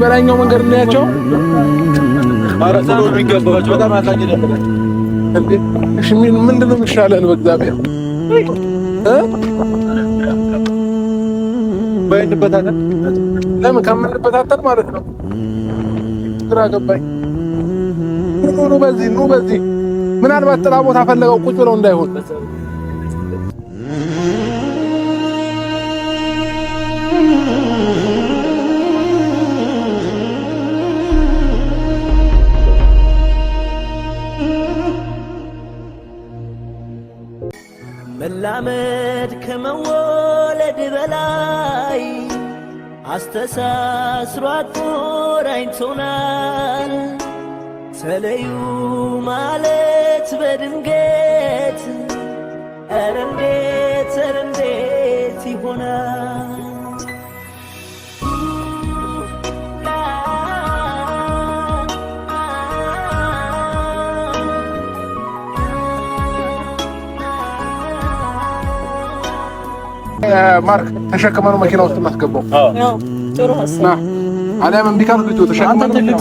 በላይኛው መንገድ እናያቸው። በጣም አሳጅ ምንድን ነው የሚሻለን? በእግዚአብሔር ለምን ከምንበታተን ማለት ነው? ግራ ገባኝ። ኑ በዚህ ኑ በዚህ ምናልባት ጥላ ቦታ ፈለገው ቁጭ ብለው እንዳይሆን ከመወለድ በላይ አስተሳስሮ አቆራኝቶናል። ተለዩ ማለት በድንገት ኧረ እንዴት ኧረ እንዴት ይሆናል? ማርክ ተሸክመ ነው መኪና ውስጥ የማስገባው። ጥሩ ሀሳብ። አሊያም እምቢ ካልኩኝ አንተ ነው።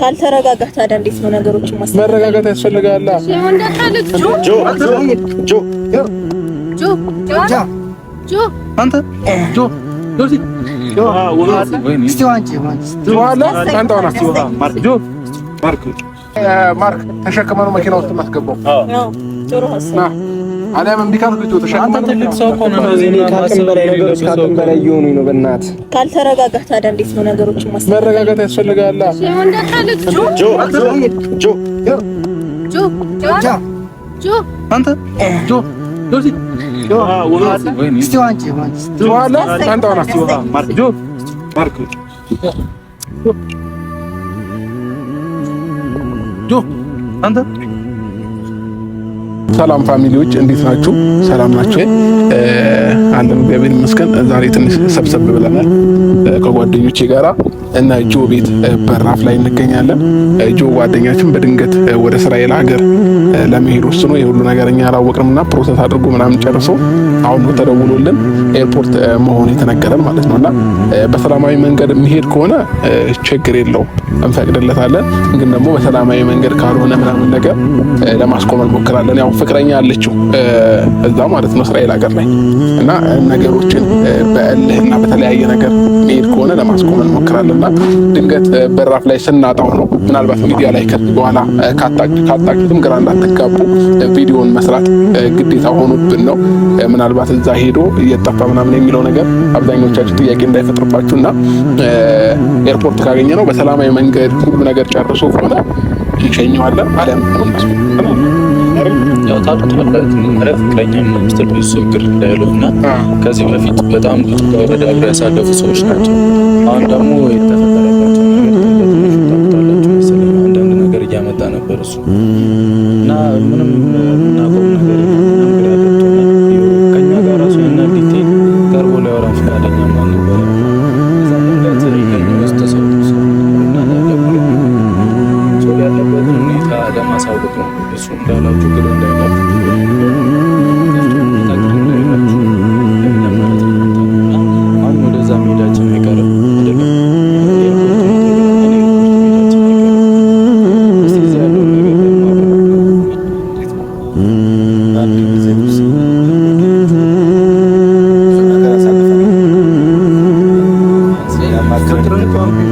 ካልተረጋጋህ ታዲያ እንዴት ነው ነገሮችን መረጋጋት ያስፈልጋል። አንተ ማርክ ተሸክመ ነው መኪና ውስጥ የማስገባው። ጥሩ ሀሳብ አሊያም እምቢ ካልኩ ካቅም በላይ እየሆኑ ነው። በእናትህ ካልተረጋጋህ ታዲያ እንዴት ነው ነገሮችን ማስተካከል? መረጋጋት ያስፈልጋል። አንተ ጆ አንተ ሰላም ፋሚሊዎች እንዴት ናችሁ? ሰላም ናችሁ? አንድ እግዚአብሔር ይመስገን። ዛሬ ትንሽ ሰብሰብ ብለናል ከጓደኞቼ ጋራ እና ጆ ቤት በራፍ ላይ እንገኛለን። ጆ ጓደኛችን በድንገት ወደ እስራኤል ሀገር ለመሄድ ወስኖ የሁሉ ነገር እኛ አላወቅንም ና ፕሮሰስ አድርጎ ምናምን ጨርሶ አሁን ነው ተደውሎልን ኤርፖርት መሆኑ የተነገረን ማለት ነው። እና በሰላማዊ መንገድ የሚሄድ ከሆነ ችግር የለው እንፈቅድለታለን። ግን ደግሞ በሰላማዊ መንገድ ካልሆነ ምናምን ነገር ለማስቆም እንሞክራለን። ያው ፍቅረኛ አለችው እዛ ማለት ነው እስራኤል ሀገር ላይ እና ነገሮችን በእልህና በተለያየ ነገር የሚሄድ ከሆነ ለማስቆም እንሞክራለን። እና ድንገት በራፍ ላይ ስናጣው ነው። ምናልባት ሚዲያ ላይ ከዚህ በኋላ ካጣቂትም ግራ እንዳትጋቡ ቪዲዮን መስራት ግዴታ ሆኖብን ነው። ምናልባት እዛ ሄዶ እየጠፋ ምናምን የሚለው ነገር አብዛኞቻችሁ ጥያቄ እንዳይፈጥርባችሁ እና ኤርፖርት ካገኘ ነው በሰላማዊ መንገድ ሁሉ ነገር ጨርሶ ከሆነ ይሸኘዋለን አለም ያው ከዚህ በፊት በጣም ብዙ ወረዳ ያሳለፉ ሰዎች ናቸው። አሁን ደግሞ የተፈጠረባቸው አንዳንድ ነገር እያመጣ ነበር እሱ እና ምንም ምናቆም ነገር እንዳላችሁ ግን እንዳይላችሁ Thank you.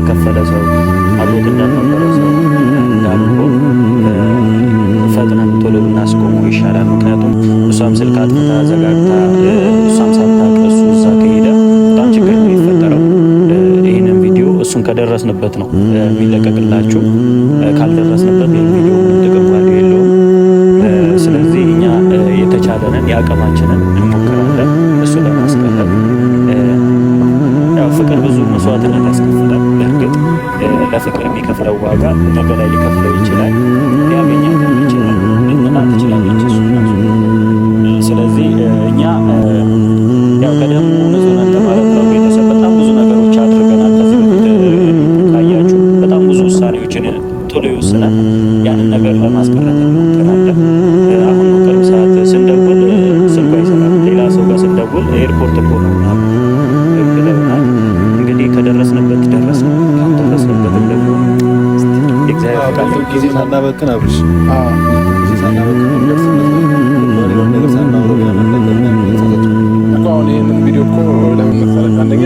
ደርሰንበት ነው የሚለቀቅላችሁ። ካልደረስንበት ጥቅም የለውም። ስለዚህ እኛ የተቻለንን የአቅማችንን እንሞክራለን እሱ ለማስቀጠል። ፍቅር ብዙ መስዋዕትነት ያስከፍላል። በእርግጥ ለፍቅር የሚከፍለው ዋጋ ነገ ሊከፍለው ይችላል። ሊያገኛት ይችላል። ልንና ትችላለች። ስለዚህ እኛ ያው ቀደም ጊዜ ሳናበቅን አብሽ አሁን ይህንን ቪዲዮ እኮ ለምን መሰረት አንደኛ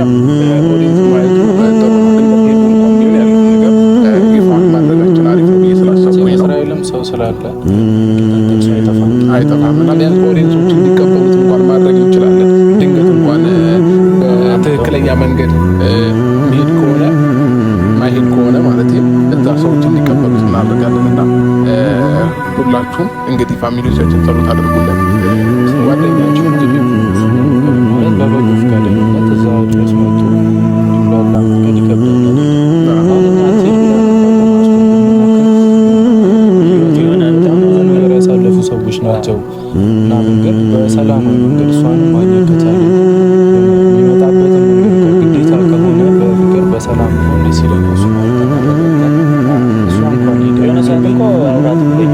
እስቲ ፋሚሊዎቻችን ጸሎት አድርጉለን። ያሳለፉ ሰዎች ናቸው እና መንገድ መንገድ እሷን ማግኘት ከቻለ ነው እሱ እንኳን የሆነ ሰዓት አውራት ብለኝ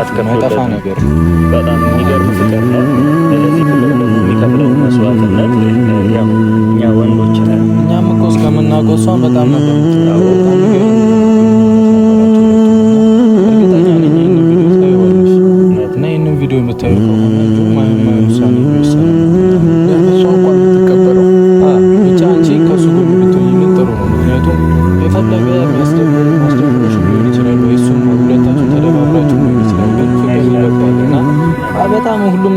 ማያስከፍለው ነገር በጣም የሚገርም ፍቅር ነው። የሚከፍለው መስዋዕትነት እኛ ወንዶች ነን። እኛም እኮ እስከምናውቀው እሷን በጣም ነበር ይህንን ቪዲዮ የምታዩ ከሆነ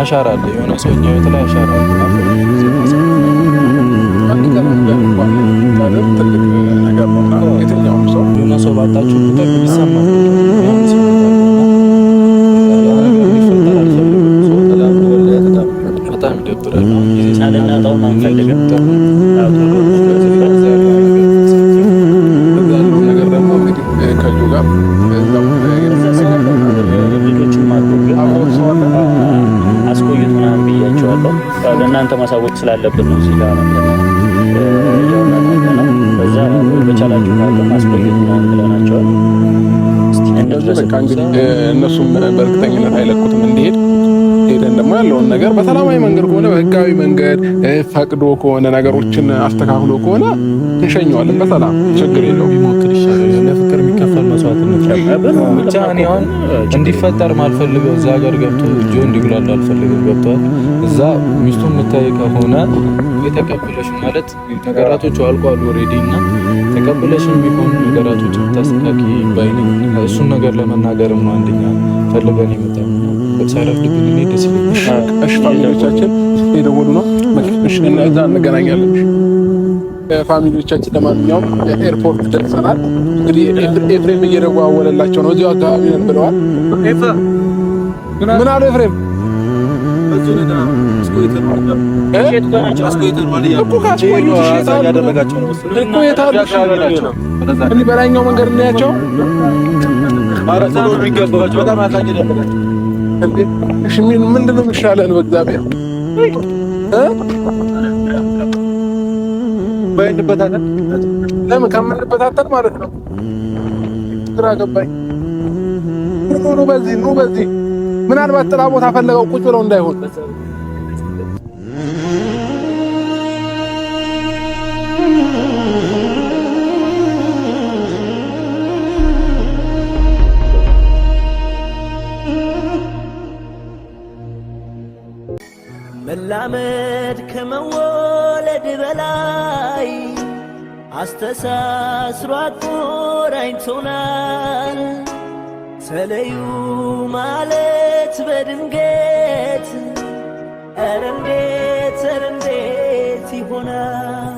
አሻራ አለ። የሆነ ሰውኛ ቤት ላይ አሻራ አለ። የሆነ ሰው ባጣችሁ ቁጥር ስላለብን ነው እዚህ ጋር በዛ በቻላችሁ ማስቆየት ብለናቸዋል። እነሱም በእርግጠኝነት አይለቁትም እንዲሄድ ሄደን ደግሞ ያለውን ነገር በሰላማዊ መንገድ ከሆነ በህጋዊ መንገድ ፈቅዶ ከሆነ ነገሮችን አስተካክሎ ከሆነ እንሸኘዋለን። በሰላም ችግር የለውም። መስዋዕትነት ብቻ እኔ አሁን እንዲፈጠር ማልፈልገው እዛ ሀገር ገብቶ ልጆ እንዲጉላሉ አልፈልገው። ገብቷል እዛ ሚስቱ የምታይ ከሆነ የተቀበለሽ ማለት ነገራቶቹ አልቋል ኦልሬዲ እና ተቀበለሽን ቢሆን ነገራቶች ብታስተካኪ ባይነ እሱን ነገር ለመናገርም ነው አንደኛ ፈልገን የመጣ ሳይረፍድብን ደስ ይለኛል። እሺ ፋሚሊዎቻችን የደወሉ ነው እዛ እንገናኛለን። ፋሚሊዎቻችን ለማንኛውም ኤርፖርት ደርሰናል። እንግዲህ ኤፍሬም እየደዋወለላቸው ነው። እዚሁ አካባቢ ነን ብለዋል። ምን አለ ኤፍሬም እኮ በላይኛው መንገድ እናያቸው። እሺ ምንድን ነው የሚሻለን በእግዚአብሔር እንበታለን። ለምን ከምንበታተን ማለት ነው። ግራ ገባኝ። ኑ በዚህ ኑ በዚህ ምናልባት ጥላ ቦታ ፈለገው ቁጭ ብለው እንዳይሆን መላመድ ከመወለድ በላይ አስተሳስሮ አቆራኝቶናል። ተለዩ ማለት በድንገት ኧረ እንዴት ኧረ እንዴት ይሆናል?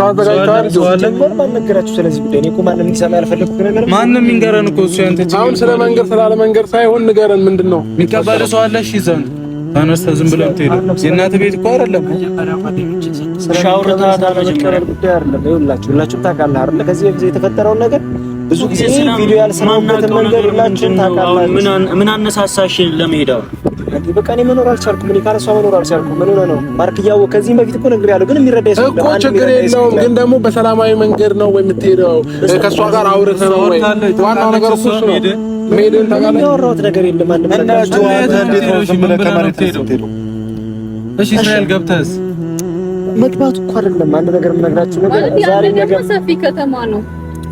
ታዘጋጅተዋል። ነገራችሁ ስለዚህ ጉዳይ እኔ ማንም ይንገረን እኮ እሱ ያንተ አሁን ስለ መንገር ስላለ መንገር ሳይሆን ንገረን። ምንድን ነው የሚቀበል ሰው አለ? እሺ ይዘን ተነስተህ ዝም ብለን ትሄዳለህ። የእናት ቤት እኮ አይደለም። ሁላችሁም ታውቃለህ አይደል? ከዚህ በፊት የተፈጠረውን ነገር ብዙ ጊዜ ቪዲዮ ያልሰማሁበትን መንገድ ሁላችሁም ታውቃላችሁ። ምን አነሳሳሽ ለመሄድ አሁን በቃ እኔ መኖር አልቻልኩም። እኔ ካለሷ መኖር አልቻልኩም። ምን ሆነ ነው ማርክ? እያወ ከዚህም በፊት እኮ ነግሬያለሁ፣ ግን የሚረዳ ይሰው እኮ ችግር የለውም። ግን ደግሞ በሰላማዊ መንገድ ነው ወይ የምትሄደው? ከእሷ ጋር አውርተህ ነው ወይ? ዋናው ነገር እኮ እሱ ነው። መሄድን ታውቃለህ። ያወራሁት ነገር የለም። ማንም ነገር እሺ፣ እስራኤል ገብተህስ መግባቱ እኮ አይደለም። አንድ ነገር የምነግራችሁ ነገር ዛሬ ነገር ሰፊ ከተማ ነው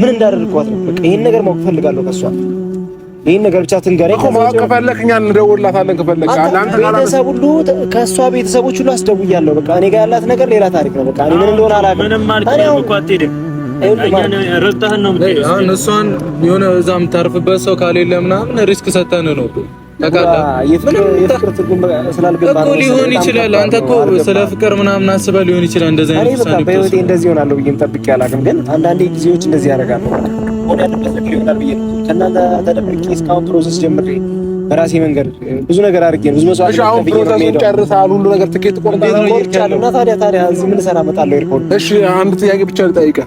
ምን እንዳደረግኳት ነው። በቃ ይሄን ነገር ማወቅ ፈልጋለሁ ከሷ ይሄን ነገር ብቻ ትንገረኝ እኮ ማወቅ ከፈለክ እኛ እንደውልላታለን። ከፈለክ ቤተሰብ ሁሉ ከእሷ ቤተሰቦች ሁሉ አስደውያለሁ። በቃ እኔ ጋር ያላት ነገር ሌላ ታሪክ ነው። በቃ እኔ ምን እንደሆነ አላውቅም። ምንም አልከኝ እኮ አትሄድም። እሷን የሆነ እዛ የምታርፍበት ሰው ካሌለ ምናምን ሪስክ ሰተን ነው የፍቅር ትርጉም እኮ ሊሆን ይችላል። አንተ እኮ ስለ ፍቅር ምናምን አስበህ ሊሆን ይችላል። እንደዚህ አይነት ውሳኔ በህይወቴ እንደዚህ ይሆናለሁ ብዬም ጠብቄ አላውቅም። ግን አንዳንዴ ጊዜዎች እንደዚህ ያደርጋለሁ። ሆን ያለበት ከእናንተ ተደብቄ እስካሁን ፕሮሰስ ጀምሬ በራሴ መንገድ ብዙ ነገር አድርጌ ነው ብዙ መስዋዕት ነው ብዬ ነው ሁሉ ነገር ትኬት ቆርጣለሁ። ታዲያ ታዲያ እዚህ ምን ሰራ እመጣለሁ? ኤርፖርት። እሺ አንድ ጥያቄ ብቻ ልጠይቅህ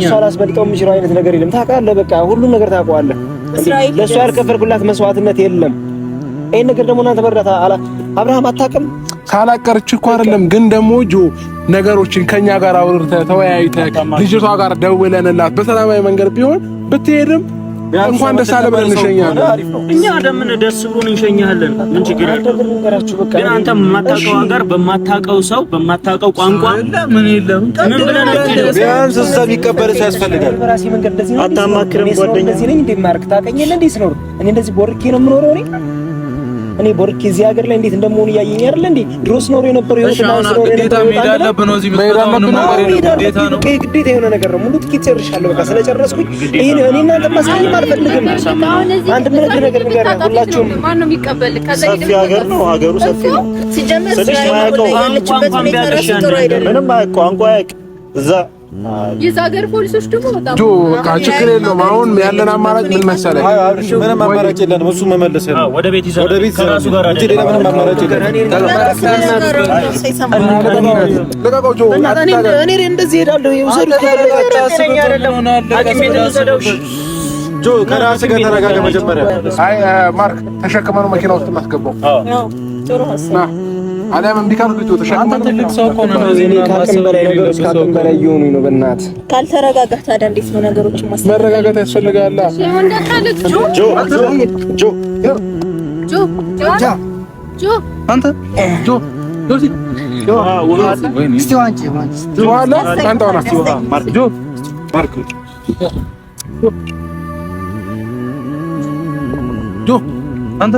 እሷ ላስበልጠው የምችለው አይነት ነገር የለም። ታውቃለህ፣ በቃ ሁሉም ነገር ታውቀዋለህ። ለእሷ ያልከፈልኩላት መስዋዕትነት የለም። ይሄን ነገር ደግሞ እናንተ መርዳት አላ አብርሃም አታውቅም። ካላቀርች እኮ አይደለም ግን ደግሞ ጆ ነገሮችን ከኛ ጋር አውርተህ ተወያይተህ ልጅቷ ጋር ደውለንላት በሰላማዊ መንገድ ቢሆን ብትሄድም እንኳን ደስ አለ ብለን እንሸኛለን። እኛ ደምን ደስ ብሎን እንሸኛለን። ምን ችግር አለ? ግን አንተ በማታውቀው ሀገር፣ በማታውቀው ሰው፣ በማታውቀው ቋንቋ ምን የለም ምን ብለን ቢያንስ እዛ ቢቀበልስ ያስፈልጋል። አታማክርም ጓደኛ እኔ ቦርኪ እዚህ ሀገር ላይ እንዴት እንደመሆኑ እያየኝ አይደል እንዴ? ድሮስ ኖሮ የነበረው ህይወት ነው። ኖሮ የነበረው ሜዳ ያለብህ ነው። እዚህ ሜዳ ነው። ግዴታ የሆነ ነገር ነው። ሙሉ ትኬት ጨርሻለሁ። በቃ ስለጨረስኩኝ ይሄን እኔ እናንተ ማስቀየም አልፈልግም። አንድ ምን ነገር ነገር ሁላችሁም ማን ነው የሚቀበል? ሰፊ ሀገር ነው። ሀገሩ ሰፊ ነው። ሲጀምር ስለዚህ ማያውቀው ቋንቋ ቋንቋ ያቅ እዛ የዛ ሀገር ፖሊሶች ደግሞ በጣም ችግር የለውም። አሁን ያለን አማራጭ ምን መሰለህ? ምንም አማራጭ የለንም። እሱ መመለስ ወደ ቤት ጆ ከራስህ ጋር ተረጋጋ። መጀመሪያ አይ ማርክ ተሸክመን መኪና ውስጥ እናስገባው። ጥሩ ሀሳብ አዳም እንዲካር ልጅ አንተ ትልቅ ሰው እኮ ነው። እኔ ካቅም በላይ ነገሮች ከአቅም በላይ እየሆኑ ነው። በእናትህ ካልተረጋጋህ ታዲያ እንዴት ነው ነገሮችን ማስተካከል? መረጋጋት ያስፈልጋል። አንተ ጆ ጆ አንተ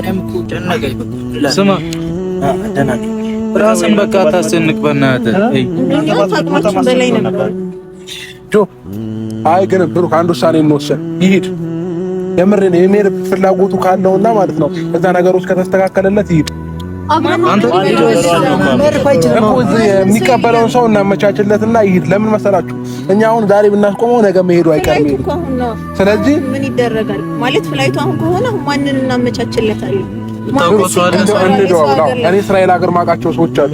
እኔም እኮ ጨነቀኝ። ስማ ራስን በቃ ታስንቅ አይ ግን ብሩክ አንድ ውሳኔ እንወሰን፣ ይሂድ። የምርን የምሄድ ፍላጎቱ ካለውና ማለት ነው እዛ ውስጥ ከተስተካከለለት ይሂድ። የሚቀበለውን ሰው እናመቻችለትና ይሂድ። ለምን መሰላችሁ እኛ አሁን ዛሬ ብናስቆመው ነገ መሄዱ አይቀርም። ስለዚህ ምን ይደረጋል ማለት ፍላይቱ አሁን ከሆነ ማንን እናመቻችለታለን? እኔ እስራኤል ሀገር ማውቃቸው ሰዎች አሉ።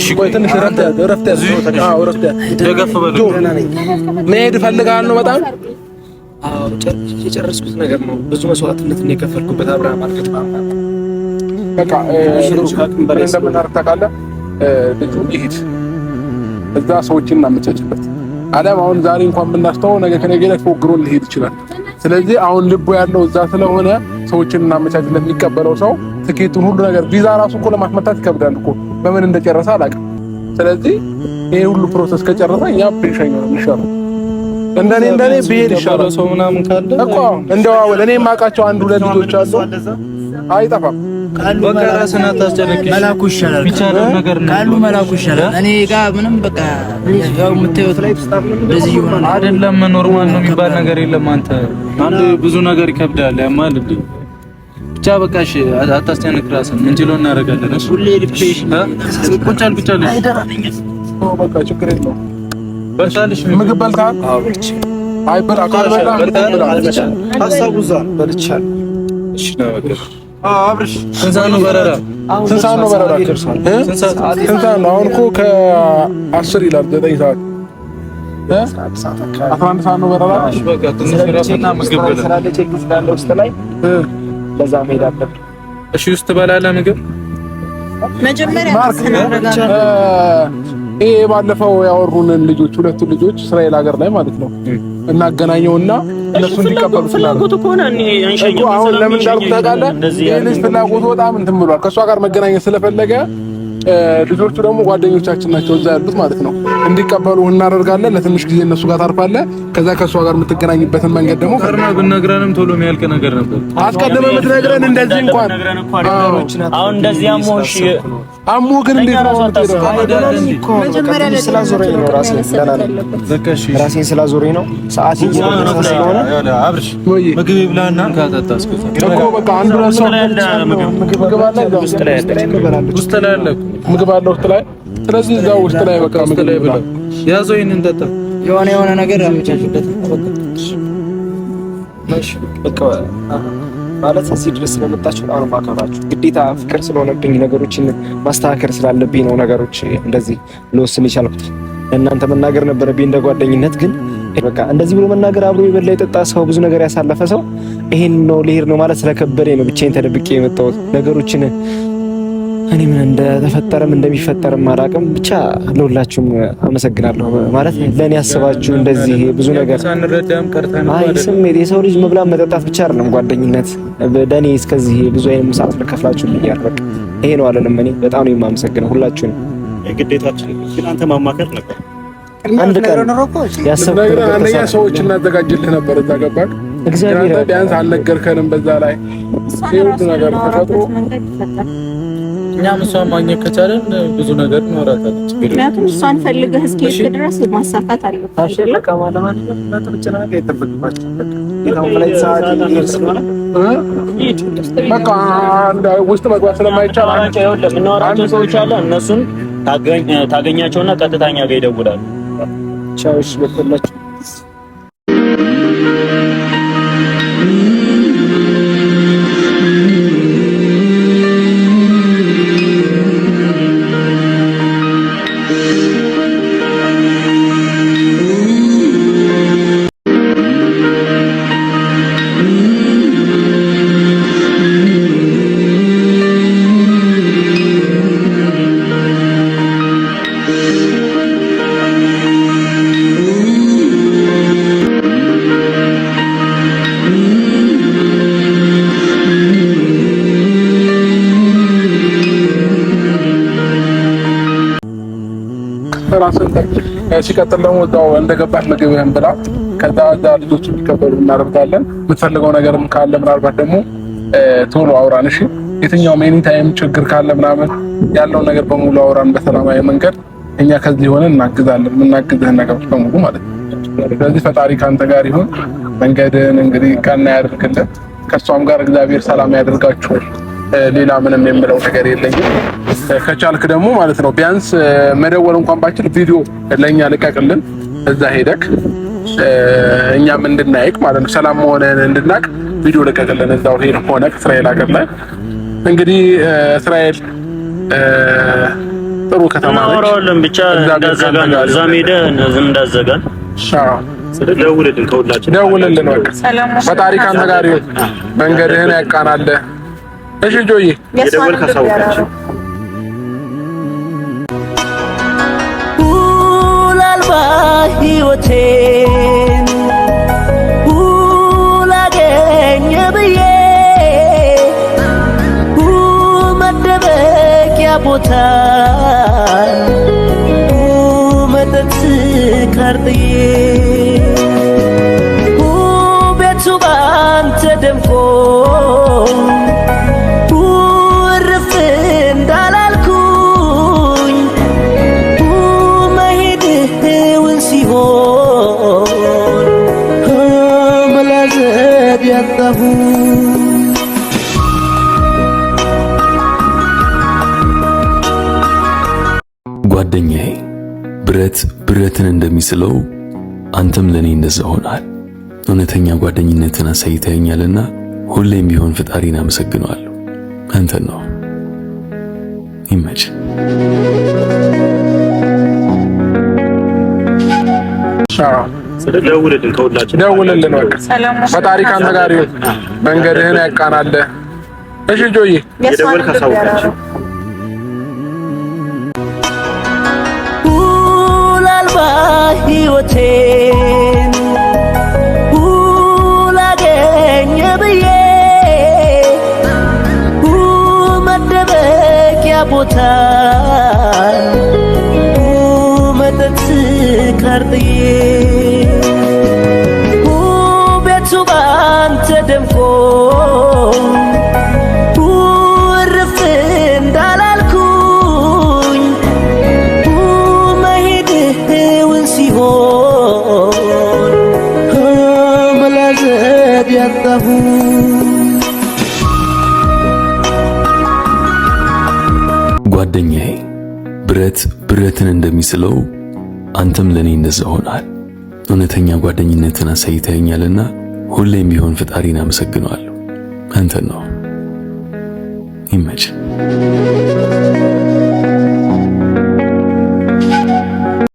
እሺ ትንሽ እረፍት እረፍት ደገፍ በል። መሄድ እፈልጋለሁ በጣም የጨረስኩት ነገር ነው። ብዙ መስዋዕትነት ነው የከፈልኩበት። አብርሃም በቃ እዛ ሰዎችን እናመቻችበት አዳም አሁን ዛሬ እንኳን ብናስተው ነገ ከነገ ላይ ሊሄድ ይችላል። ስለዚህ አሁን ልቡ ያለው እዛ ስለሆነ ሰዎችን እናመቻችለን። የሚቀበለው ሰው ትኬቱን፣ ሁሉ ነገር ቪዛ ራሱ እኮ ለማስመታት ይከብዳል እኮ በምን እንደጨረሰ አላውቅም። ስለዚህ ይሄ ሁሉ ፕሮሰስ ከጨረሰ እኛ ፕሬሽን ይሻል እንደኔ እንደኔ ብሄድ ይሻላል ሰው ምናምን ካለ እኮ እንደው እኔ የማውቃቸው አንድ ሁለት ልጆች አሉ አይጠፋም ካሉ ራስን አታስጨነቂ። መላኩ ይሻላል ካሉ መላኩ ይሻላል። እኔ ጋር ምንም በቃ ያው የምታዩት ላይ እንደዚህ ይሆናል አይደለም። ኖርማል ነው የሚባል ነገር የለም። አንተ አንድ ብዙ ነገር ይከብዳል። ያማል እንዴ ብቻ በቃ እሺ፣ አታስጨንቅ ራስን። ምን ችሎ እናደርጋለን? እሺ ሁሌ ልብሽ ቁጭ አል ብቻ በቃ ችግር የለውም። በልታልሽ ምግብ በልታል? አዎ ብቻ አይ በላ ካለ እዛ በልቻል። እሺ ነው በቃ አብርሽ ስንት ሰዓት ነው በረራ? ስንት ሰዓት ነው አሁን እኮ ከአስር ይላል ዘጠኝ ሰዓት አስራ አንድ ሰዓት ነው በረራ። እሺ ውስጥ ምግብ መጀመሪያ ባለፈው ያወሩንን ልጆች ሁለቱን ልጆች እስራኤል ሀገር ላይ ማለት ነው እናገናኘውና እነሱ እንዲቀበሉ ፍላጎቱ ከሆነ አሁን ለምን እንዳልኩ ታውቃለህ፣ ይህ ልጅ ፍላጎቱ በጣም እንትን ብሏል። ከእሷ ጋር መገናኘት ስለፈለገ ልጆቹ ደግሞ ጓደኞቻችን ናቸው እዛ ያሉት ማለት ነው እንዲቀበሉ እናደርጋለን። ለትንሽ ጊዜ እነሱ ጋር ታርፋለ። ከዛ ከእሷ ጋር የምትገናኝበትን መንገድ ደግሞ ፈርና ብነግረንም ቶሎ የሚያልቅ ነገር ነበር። አስቀድመህ ብትነግረን እንደዚህ እንኳን አሁን እንደዚህ አሞሽ አሞ ግን እንዴት ነው ራሴን ስላዞረኝ ነው። ሰዓት ስለሆነ ምግብ ይብላና እኮ በቃ አንዱ ራሱ ምግብ አለ ውስጥ ላይ ስለዚህ እዛ ውስጥ ላይ በቃ ምግብ ላይ ብላ ያዘው። ይሄንን ጠጣ። የሆነ የሆነ ነገር አመቻችሁለት። በቃ ማለት እዚህ ድረስ ስለመጣችሁ አሁን ማከብራችሁ ግዴታ ፍቅር ስለሆነብኝ ነገሮችን ማስተካከል ስላለብኝ ነው። ነገሮች እንደዚህ ልወስን የቻልኩት እናንተ መናገር ነበረብኝ እንደ ጓደኝነት ግን በቃ እንደዚህ ብሎ መናገር አብሮ የበላ የጠጣ ሰው ብዙ ነገር ያሳለፈ ሰው ይሄን ነው ልሄድ ነው ማለት ስለከበደኝ ነው ብቻዬን ተደብቄ የመጣሁት ነገሮችን እኔ ምን እንደተፈጠረም እንደሚፈጠርም አላውቅም። ብቻ ለሁላችሁም አመሰግናለሁ ማለት ለእኔ ያስባችሁ እንደዚህ ብዙ ነገር አይ ስሜት የሰው ልጅ መብላት መጠጣት ብቻ አይደለም ጓደኝነት ለእኔ እስከዚህ ብዙ አይነት ምሳት ለከፍላችሁ ልኛል። በቃ ይሄ ነው አለንም። እኔ በጣም ነው የማመሰግነው ሁላችሁን። ግዴታችን ግን አንተ ማማከር ነበር። አንድ ቀን ያሰብኩት አንደኛ ሰዎች እናዘጋጅልህ ነበር እዛ ገባህ እግዚአብሔር ቢያንስ አልነገርከንም። በዛ ላይ ይሁን ነገር ተፈጥሮ እኛም እሷን ማግኘት ከቻለን ብዙ ነገር እናወራታለን። ምክንያቱም እሷን ፈልገህ እስኪሄድ ድረስ ማሳካት አለበት። ውስጥ መግባት ስለማይቻል አንድ ሰዎች አለ እነሱን ታገኛቸውና ቀጥታኛ ጋር ይደውላሉ። ሲቀጥል ደግሞ እዛው እንደገባሽ ምግብህን ብላ። ከዛ እዛ ልጆች የሚቀበሉ እናደርጋለን። የምትፈልገው ነገርም ካለ ምናልባት ደግሞ ቶሎ አውራን እሺ። የትኛውም ኤኒ ታይም ችግር ካለ ምናምን ያለውን ነገር በሙሉ አውራን በሰላማዊ መንገድ እኛ ከዚህ ሆነ እናግዛለን። የምናግዝህን ነገሮች በሙሉ ማለት ነው። ስለዚህ ፈጣሪ ከአንተ ጋር ይሁን። መንገድን እንግዲህ ቀና ያደርግልን። ከእሷም ጋር እግዚአብሔር ሰላም ያደርጋችሁ። ሌላ ምንም የምለው ነገር የለኝም። ከቻልክ ደግሞ ማለት ነው ቢያንስ መደወል እንኳን ባችል ቪዲዮ ለእኛ ልቀቅልን፣ እዛ ሄደክ እኛም እንድናይቅ ማለት ነው ሰላም መሆንህን እንድናቅ ቪዲዮ ልቀቅልን። እዛው ሄድ ሆነክ እስራኤል ሀገር ላይ እንግዲህ እስራኤል ጥሩ ከተማ ነች። ብቻ እንዳዘጋ እዛ ሜዳ እንዳዘጋ ደውልልን፣ ከሁላችን ደውልልን። በቃ ፈጣሪ ካንተ ጋር ይሁን፣ መንገድህን ያቃናልህ። እሺ ጆዬ የደወልክ አሳውቃችን። ውል አልባ አገኘ ብዬ መደበቂያ ቦታ መጠጥ ስካር ብዬ ጓደኛዬ ብረት ብረትን እንደሚስለው አንተም ለኔ እንደዛ ሆናል። እውነተኛ ጓደኝነትን አሳይተኸኛልና ሁሌም ቢሆን ፈጣሪን አመሰግነዋለሁ። አንተን ነው ይመች። ቻው ደውልልን፣ በቃ ፈጣሪ ካንተ ጋር ይሁን፣ መንገድህን ያቃናለ እሺ ጆዬ ህይወቴን ብዬ መደበቂያ ቦታ መጠጥ ሕይወትን እንደሚስለው አንተም ለኔ እንደዛ ሆናል። እውነተኛ ጓደኝነትን አሳይተኸኛልና ሁሌም ቢሆን ፈጣሪን አመሰግነዋለሁ። አንተን ነው